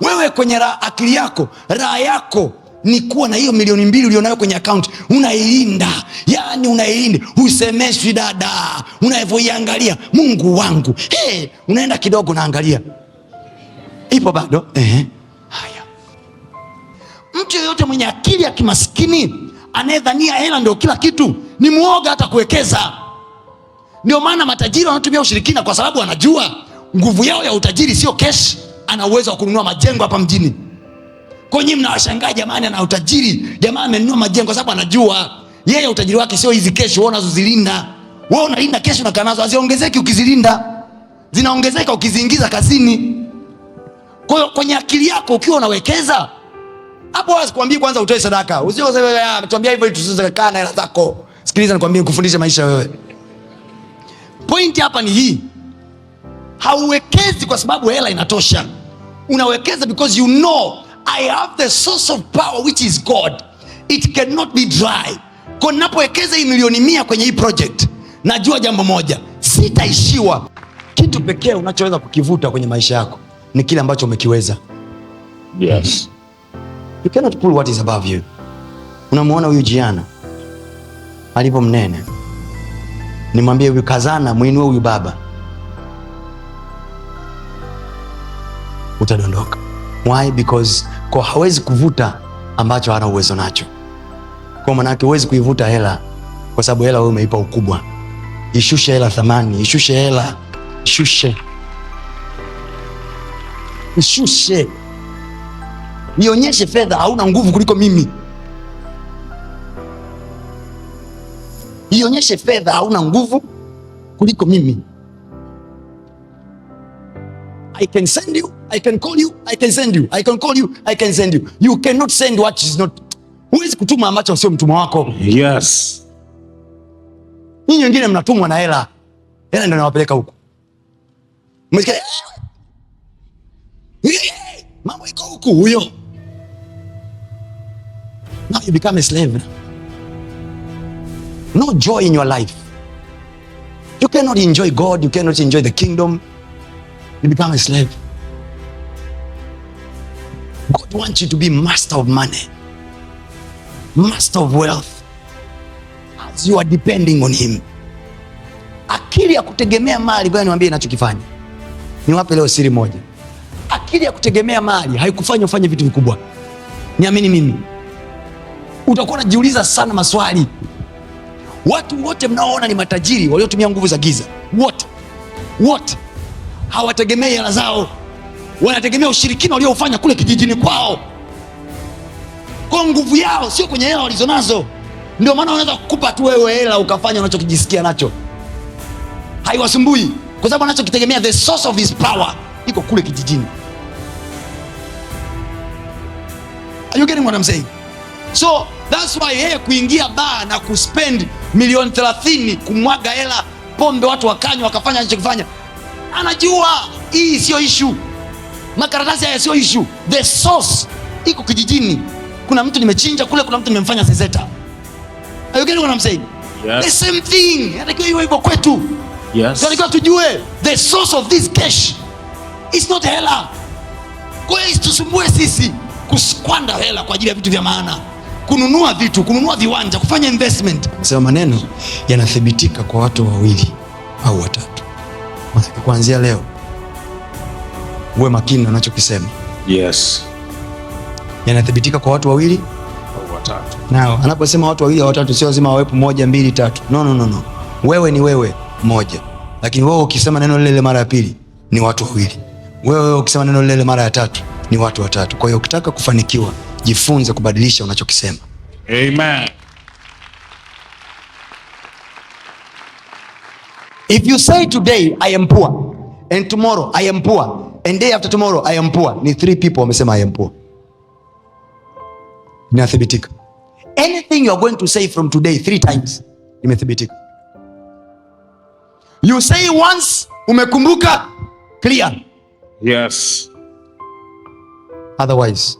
wewe kwenye ra, akili yako raha yako ni kuwa na hiyo milioni mbili ulionayo kwenye akaunti, unailinda yani, unailinda usemeshwi dada, unavyoiangalia. Mungu wangu, hey, unaenda kidogo, naangalia ipo bado. haya, mtu yoyote mwenye akili ya kimaskini anayedhania hela ndio kila kitu ni mwoga hata kuwekeza. Ndio maana matajiri wanatumia ushirikina, kwa sababu anajua nguvu yao ya utajiri sio keshi ana uwezo wa kununua majengo hapa mjini. Kwa nyinyi mnawashangaa, jamani, ana utajiri, jamani amenunua majengo, sababu anajua yeye utajiri wake sio hizi kesho wewe unazozilinda. Wewe unalinda kesho na kanazo haziongezeki, ukizilinda zinaongezeka ukiziingiza kazini. Kwa hiyo kwenye akili yako ukiwa unawekeza hapo, wazi kuambia kwanza utoe sadaka, usiotuambia ah, hivyo tusizokaa na hela zako. Sikiliza, nikwambie kufundisha maisha wewe. Pointi hapa ni hii, hauwekezi kwa sababu hela inatosha unawekeza because you know I have the source of power which is God, it cannot be dry. Kwa napowekeza hii milioni mia kwenye hii project, najua jambo moja, sitaishiwa. Kitu pekee unachoweza kukivuta kwenye maisha yako ni kile ambacho umekiweza. Yes. You cannot pull what is above you. Unamwona huyu Jiana alivyo mnene, nimwambie huyu kazana, mwinue huyu baba utadondoka. Why? Because kwa hawezi kuvuta ambacho hana uwezo nacho. Kwa maana yake huwezi kuivuta hela, kwa sababu hela wewe umeipa ukubwa. Ishushe hela thamani, ishushe hela, ishushe, ishushe, ionyeshe fedha hauna nguvu kuliko mimi, ionyeshe fedha hauna nguvu kuliko mimi. I can send you I can call you, I can send you. I can call you, I can send you. You cannot send what is not. Huwezi kutuma ambacho sio mtumwa wako. Yes. Ninyi wengine mnatumwa na hela. Hela ndio inawapeleka huko. Msikia. Mambo iko huko huyo. Now you become a slave. No joy in your life. You cannot enjoy God, you cannot enjoy the kingdom. You become a slave. God wants you to be master of money, master of wealth as you are depending on him. Akili ya kutegemea mali, ngoja niwaambie inachokifanya. Niwape leo siri moja, akili ya kutegemea mali haikufanya ufanye vitu vikubwa. Niamini mimi, utakuwa unajiuliza sana maswali. Watu wote mnaoona ni matajiri waliotumia nguvu za giza, wote wote hawategemei hela zao wanategemea ushirikina walioufanya kule kijijini kwao, kwa nguvu yao, sio kwenye hela walizonazo. Ndio maana wanaweza kukupa tu wewe hela ukafanya unachokijisikia nacho, haiwasumbui kwa sababu anachokitegemea, the source of his power iko kule kijijini. Are you getting what I'm saying? So that's why yeye kuingia baa na kuspend milioni 30 kumwaga hela pombe, watu wakanywa wakafanya anachokifanya, anajua hii siyo issue. Makaratasi haya sio issue, the source iko kijijini. Kuna mtu nimechinja kule, kuna mtu nimemfanya sezeta. Are you getting what I'm saying? Yes. The same thing anatakiwa iwe hivyo kwetu. Yes. Tunatakiwa tujue the source of this cash is not hela. Kwa hiyo isitusumbue sisi kusquanda hela kwa ajili ya vitu vya maana, kununua vitu, kununua viwanja, kufanya investment. Sema maneno yanathibitika kwa watu wawili au watatu kuanzia leo uwe makini na unachokisema. Yes. Yanathibitika kwa watu wawili au watatu. Nao anaposema watu wawili au watatu, sio lazima wawepo moja, mbili, tatu. No, no, no, no. Wewe ni wewe moja, lakini wewe ukisema neno lile mara ya pili ni watu wawili. Wewe ukisema neno lile mara ya tatu ni watu watatu. Kwa hiyo ukitaka kufanikiwa, jifunze kubadilisha unachokisema. Amen. If you say today I am poor and tomorrow I am poor and day after tomorrow I am poor. Ni three people wamesema I am poor. Inathibitika. Anything you are going to say from today three times imethibitika. You say once, umekumbuka clear. Yes. Otherwise,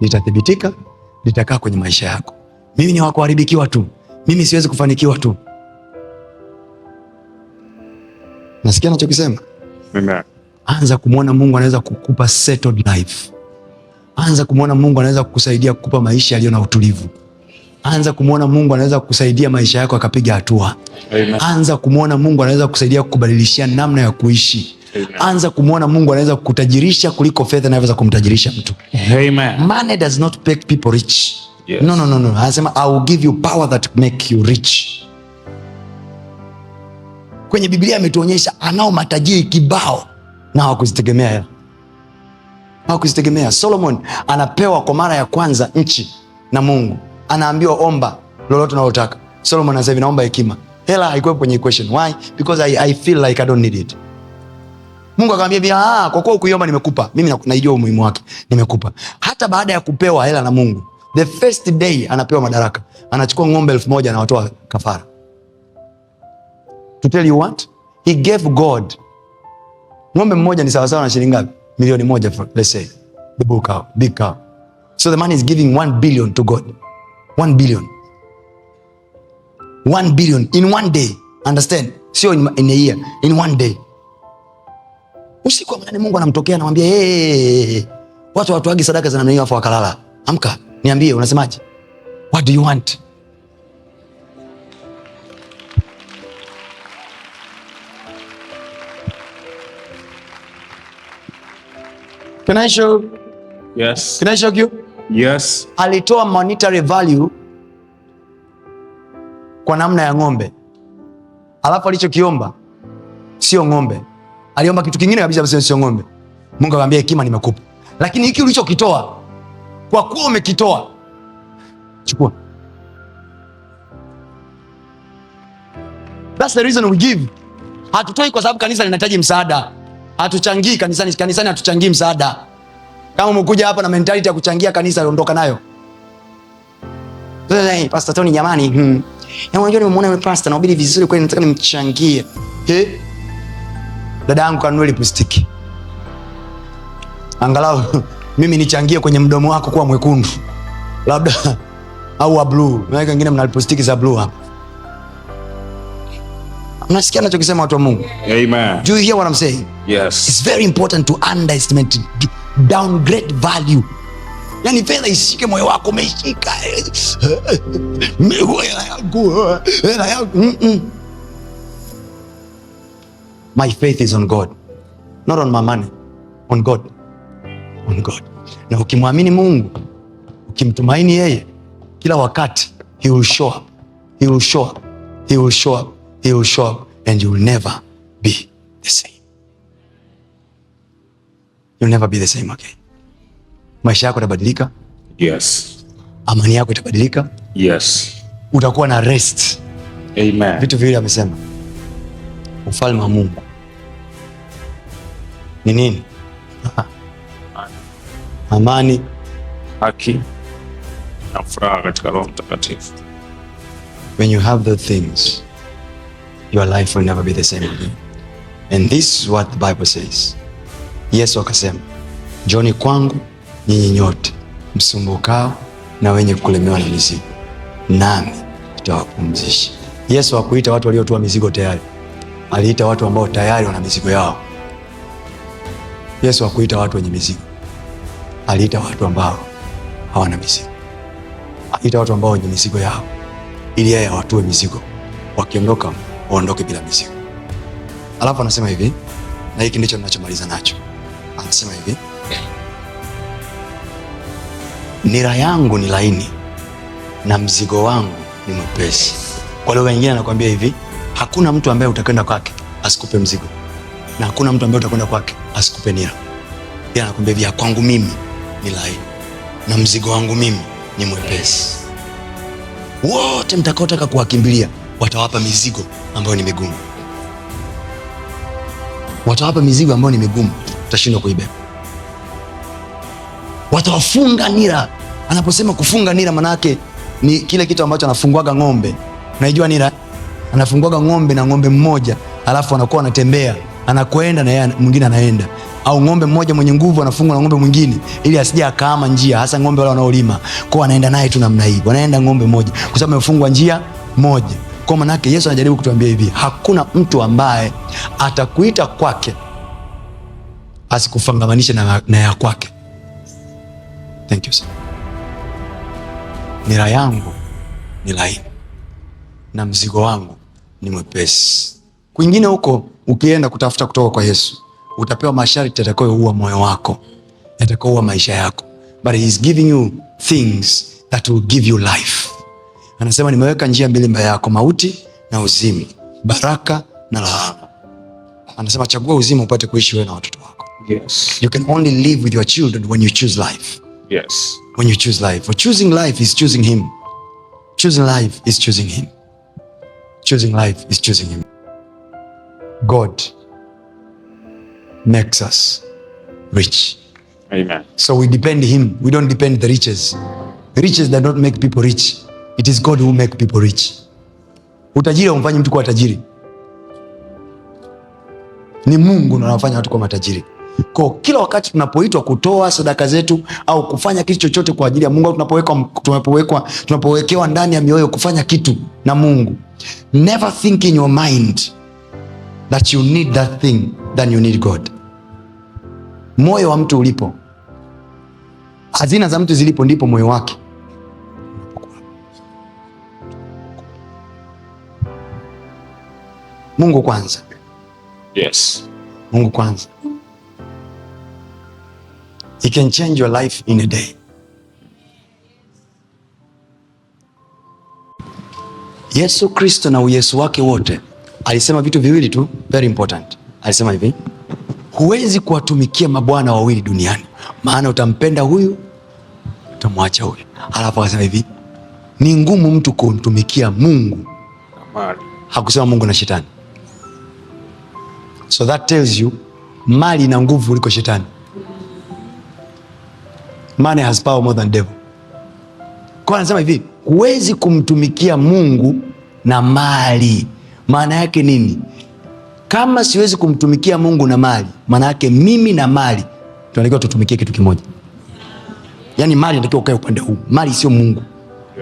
litathibitika litakaa kwenye maisha yako. Mimi ni wakuharibikiwa tu, mimi siwezi kufanikiwa tu. Nasikia nachokisema? Amen. Anza kumwona Mungu anaweza kukupa settled life. Anza kumwona Mungu anaweza kukusaidia kukupa maisha yaliyo na utulivu. Anza kumwona Mungu anaweza kukusaidia maisha yako akapiga hatua. Anza kumwona Mungu anaweza kukusaidia kukubadilishia namna ya kuishi. Amen. Anza kumwona Mungu anaweza kukutajirisha kuliko fedha inavyoweza kumtajirisha mtu. Amen. Money does not make people rich. Yes. No, no, no, no. Anasema I will give you power that make you rich. Kwenye Biblia ametuonyesha anao matajiri kibao na hawakuzitegemea hela, hawakuzitegemea. Solomon anapewa kwa mara ya kwanza nchi na Mungu, anaambiwa omba lolote unalotaka. Solomon anasema hivi, naomba hekima. Hela haikuwepo kwenye equation. Why? Because I, I feel like I don't need it. Mungu akamwambia, ah, kwa kuwa ukuiomba nimekupa. Mimi naijua umuhimu wake, nimekupa. Hata baada ya kupewa hela na Mungu, the first day anapewa madaraka, anachukua ng'ombe elfu moja anawatoa kafara. To tell you what? He gave God Ng'ombe mmoja ni sawasawa na shilingi ngapi? Milioni moja, let's say the bull cow, big cow. So the man is giving 1 billion to God. 1 billion. 1 billion in one day. Understand? Sio in, in a year, in one day. Usiku wa manane Mungu anamtokea anamwambia, "Hey, watu watuagi sadaka za namna hiyo afa wakalala. Amka, niambie unasemaje? What do you want?" Can I show? Yes. Can I show you? Yes. Alitoa monetary value kwa namna ya ng'ombe, alafu alichokiomba sio ng'ombe, aliomba kitu kingine kabisa, sio ng'ombe. Mungu akamwambia hekima nimekupa, lakini hiki ulichokitoa, kwa kuwa umekitoa, chukua. That's the reason we give. Hatutoi kwa sababu kanisa linahitaji msaada hatuchangii kanisani. Kanisani hatuchangii msaada. Kama umekuja hapa na mentality ya kuchangia kanisa, ondoka nayo. Hey, Pastor Tony jamani, hmm. Unajua nimemwona yule pastor anahubiri vizuri kweli, nataka nimchangie. Hey. Dada yangu kanunue lipstick. Angalau mimi nichangie kwenye mdomo wako kuwa mwekundu labda au wa blue. Naweka wengine mna lipstick za blue hapa. Unasikia anachokisema watu wa Mungu. Amen. Do you hear what I'm saying? Yes. It's very important to underestimate downgrade value. Yaani fedha ishike moyo wako, umeshika eh, eh, eh, mm, mm. My faith is on God. Not on my money. On God. On God. Na ukimwamini Mungu, ukimtumaini yeye kila wakati, he will show up. He will show up. He will show up they will show up and you'll never be the same. You'll never be the same again. Maisha yako yatabadilika. Yes. Amani yako itabadilika. Yes. Utakuwa na rest. Amen. Vitu viwili amesema. Ufalme wa Mungu ni nini? Amani, haki na furaha katika Roho Mtakatifu. When you have the things your life will never be the same again. And this is what the Bible says. Yesu akasema, njoni kwangu nyinyi nyote msumbukao na wenye kulemewa na mizigo, nami nitawapumzisha. Yesu hakuita watu waliotua mizigo tayari, aliita watu ambao tayari wana mizigo yao. Yesu hakuita watu wenye mizigo, aliita watu ambao hawana mizigo, aliita watu ambao wenye mizigo yao ili yeye awatue mizigo, wakiondoka uondoke bila mizigo. Alafu anasema hivi, na hiki ndicho ninachomaliza nacho. Anasema hivi, nira yangu ni laini na mzigo wangu ni mwepesi. Kwa lugha nyingine anakuambia hivi, hakuna mtu ambaye utakwenda kwake asikupe mzigo na hakuna mtu ambaye utakwenda kwake asikupe nira. Yeye anakuambia hivi, kwangu mimi ni laini na mzigo wangu mimi ni mwepesi. Wote mtakaotaka kuwakimbilia watawapa mizigo ambayo ni migumu, watawapa mizigo ambayo ni migumu, utashindwa kuibeba. Watawafunga nira. Anaposema kufunga nira, manake ni kile kitu ambacho anafungwaga ng'ombe. Unaijua nira? Anafungwaga ng'ombe na ng'ombe mmoja, alafu anakuwa anatembea, anakwenda na yeye mwingine anaenda au ng'ombe mmoja mwenye nguvu anafungwa na ng'ombe mwingine, ili asije akaama njia, hasa ng'ombe wale wanaolima kwao, anaenda naye tu namna hii, wanaenda ng'ombe moja, kwa sababu amefungwa njia moja. Kwa maana yake Yesu anajaribu kutuambia hivi, hakuna mtu ambaye atakuita kwake asikufangamanishe na, na ya kwake. Thank you sir. Nira yangu ni laini na mzigo wangu ni mwepesi. Kwingine huko ukienda kutafuta kutoka kwa Yesu utapewa masharti yatakayoua moyo wako, yatakayoua maisha yako, but he is giving you things that will give you life. Anasema nimeweka njia mbili mbele yako, mauti na uzima, baraka na laana. Anasema chagua uzima upate kuishi wewe na watoto wako. Yes. You can only live with your children when you choose life. Yes. When you choose life. For choosing life is choosing him. Choosing life is choosing him. Choosing life is choosing him. God makes us rich. Amen. So we depend him. We don't depend the riches. The Riches that don't make people rich. It is God who make people rich. Utajiri haumfanyi mtu kuwa tajiri, ni Mungu ndiye anafanya watu kuwa matajiri. Kwa kila wakati tunapoitwa kutoa sadaka zetu au kufanya kitu chochote kwa ajili ya Mungu, tunapowekwa tunapowekwa tunapowekewa ndani ya mioyo kufanya kitu na Mungu, never think in your mind that you need that thing than you need God. Moyo wa mtu ulipo, hazina za mtu zilipo, ndipo moyo wake Mungu kwanza. Yes. Mungu kwanza. He can change your life in a day. Yesu Kristo na uyesu wake wote alisema vitu viwili tu, very important. Alisema hivi, huwezi kuwatumikia mabwana wawili duniani, maana utampenda huyu utamwacha huyu. Alafu akasema hivi, ni ngumu mtu kumtumikia Mungu. Hakusema Mungu na Shetani. So that tells you mali ina nguvu kuliko shetani. Money has power more than devil. Kwa anasema hivi, huwezi kumtumikia Mungu na mali. Maana yake nini? Kama siwezi kumtumikia Mungu na mali, maana yake mimi na mali tunatakiwa tutumikie kitu kimoja. Yaani mali inatakiwa ukae upande huu, mali sio Mungu.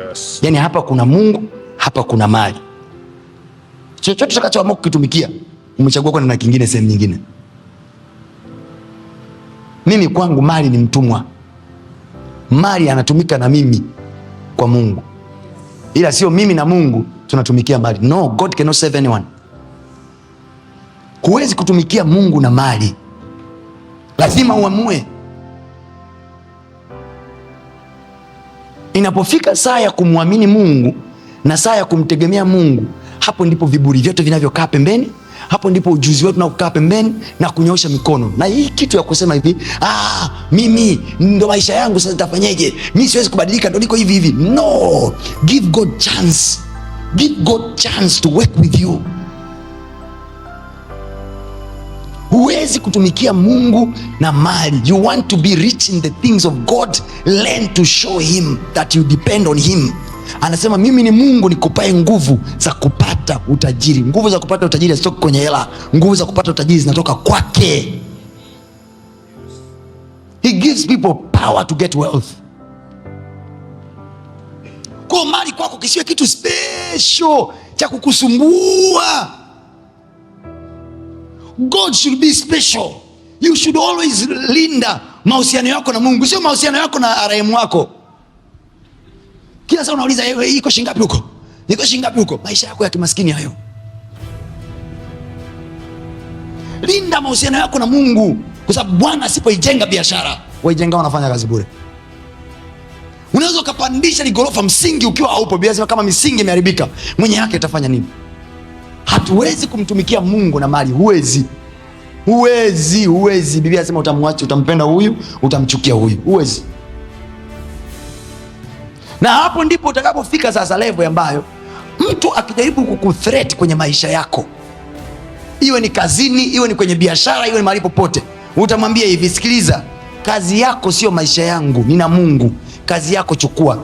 Yes. Yaani hapa kuna Mungu, hapa kuna mali. Chochote tutakachoamua kukitumikia umechagua kwenda na kingine sehemu nyingine. Mimi kwangu mali ni mtumwa, mali anatumika na mimi kwa Mungu, ila sio mimi na Mungu tunatumikia mali. No, God cannot save anyone. Huwezi kutumikia Mungu na mali, lazima uamue. Inapofika saa ya kumwamini Mungu na saa ya kumtegemea Mungu, hapo ndipo viburi vyote vinavyokaa pembeni hapo ndipo ujuzi wetu na kukaa pembeni na kunyoosha mikono, na hii kitu ya kusema hivi, ah, mimi ndo maisha yangu sasa, nitafanyeje? Mi siwezi kubadilika, ndo niko hivi hivi. No, give God chance, give God chance to work with you. Huwezi kutumikia Mungu na mali. You want to be rich in the things of God, learn to show him that you depend on him anasema mimi ni Mungu nikupae nguvu za kupata utajiri. Nguvu za kupata utajiri hazitoki kwenye hela, nguvu za kupata utajiri zinatoka kwake. He gives people power to get wealth. Kwa mali kwako kisiwe kitu special cha kukusumbua. God should be special. You should always linda mahusiano yako na Mungu, sio mahusiano yako na RM wako kila saa unauliza eh, wewe, iko shingapi huko, niko shingapi huko? Maisha yako ya kimaskini hayo. Linda mahusiano yako na Mungu, kwa sababu Bwana asipoijenga biashara, waijenga wanafanya kazi bure. Unaweza ukapandisha ni gorofa, msingi ukiwa haupo, biashara kama misingi imeharibika, mwenye yake atafanya nini? Hatuwezi kumtumikia Mungu na mali. Huwezi, huwezi, huwezi. Biblia inasema utamwacha, utampenda huyu, utamchukia huyu. Huwezi na hapo ndipo utakapofika sasa levo ambayo mtu akijaribu kukuthreat kwenye maisha yako, iwe ni kazini, iwe ni kwenye biashara, iwe ni mahali popote, utamwambia hivi, sikiliza, kazi yako sio maisha yangu, nina Mungu. Kazi yako chukua.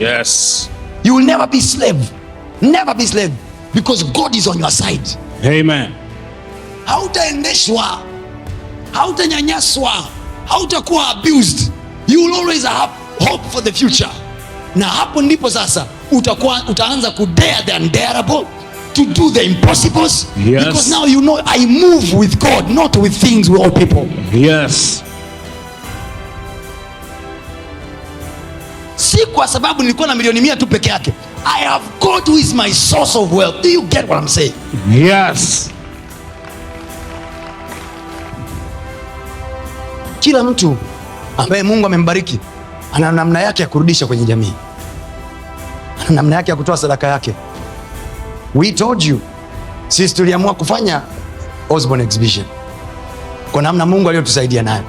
Yes, you will never be slave, never be slave because God is on your side. Amen. Hautaendeshwa, hautanyanyaswa, hautakuwa abused. You will always have hope for the future na hapo ndipo sasa utakuwa, utaanza ku dare the undareable to do the impossibles yes. Because now you know I move with God not with things or people yes. Si kwa sababu nilikuwa na milioni mia tu peke yake. I have God who is my source of wealth. Do you get what I'm saying? Yes. Kila mtu ambaye Mungu amembariki ana namna yake ya kurudisha kwenye jamii, ana namna yake ya kutoa sadaka yake. We told you, sisi tuliamua kufanya Osborne exhibition kwa namna Mungu aliyotusaidia nayo,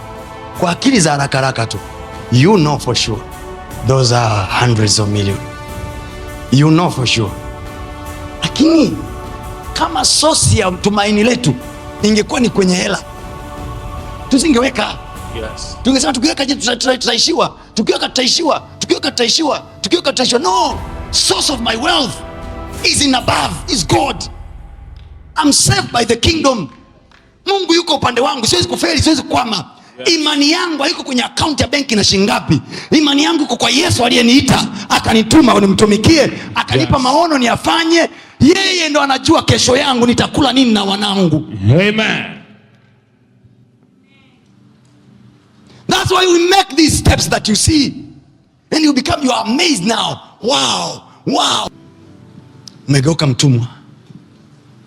kwa akili za haraka haraka tu, you know for sure those are hundreds of million, you know for sure. Lakini kama sosi ya tumaini letu ingekuwa ni kwenye hela tusingeweka. Yes. Tungesema tukiweka je, tutaishiwa tukiwa kataishiwa, tukiwa kataishiwa, tukiwa kataishiwa. No, source of my wealth is in above, is God. I'm saved by the kingdom. Mungu yuko upande wangu, siwezi kufeli, siwezi kukwama. Yes. Imani yangu haiko kwenye akaunti ya benki na shilingi ngapi. Imani yangu iko kwa Yesu aliyeniita akanituma nimtumikie, akanipa yes, maono niyafanye. Yeye ndo anajua kesho yangu nitakula nini na wanangu. Amen. That's why we make these steps that you see, and you become you are amazed now. Wow, wow, umegeuka mtumwa,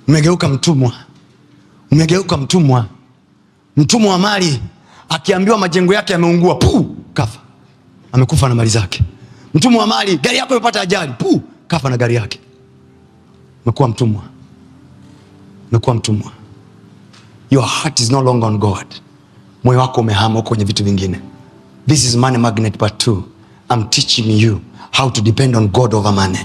umegeuka mtumwa, umegeuka mtumwa, mtumwa wa mali. Akiambiwa majengo yake yameungua, pu, kafa, amekufa na mali zake. Mtumwa wa mali, gari yako imepata ajali, pu, kafa na gari yake. Umekuwa mtumwa, umekuwa mtumwa. Your heart is no longer on God moyo wako umehama huko kwenye vitu vingine. This is money magnet part two. I'm teaching you how to depend on God over money.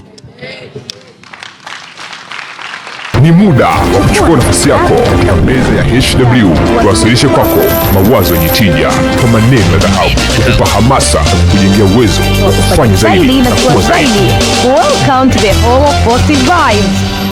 Ni muda wa kuchukua nafasi yako katika meza ya HW, tuwasilishe kwako mawazo yenye tija kwa maneno ya dhahabu, kukupa hamasa na kujengea uwezo wa kufanya zaidi na kuwa zaidi. Welcome to the Hall of Positive Vibes.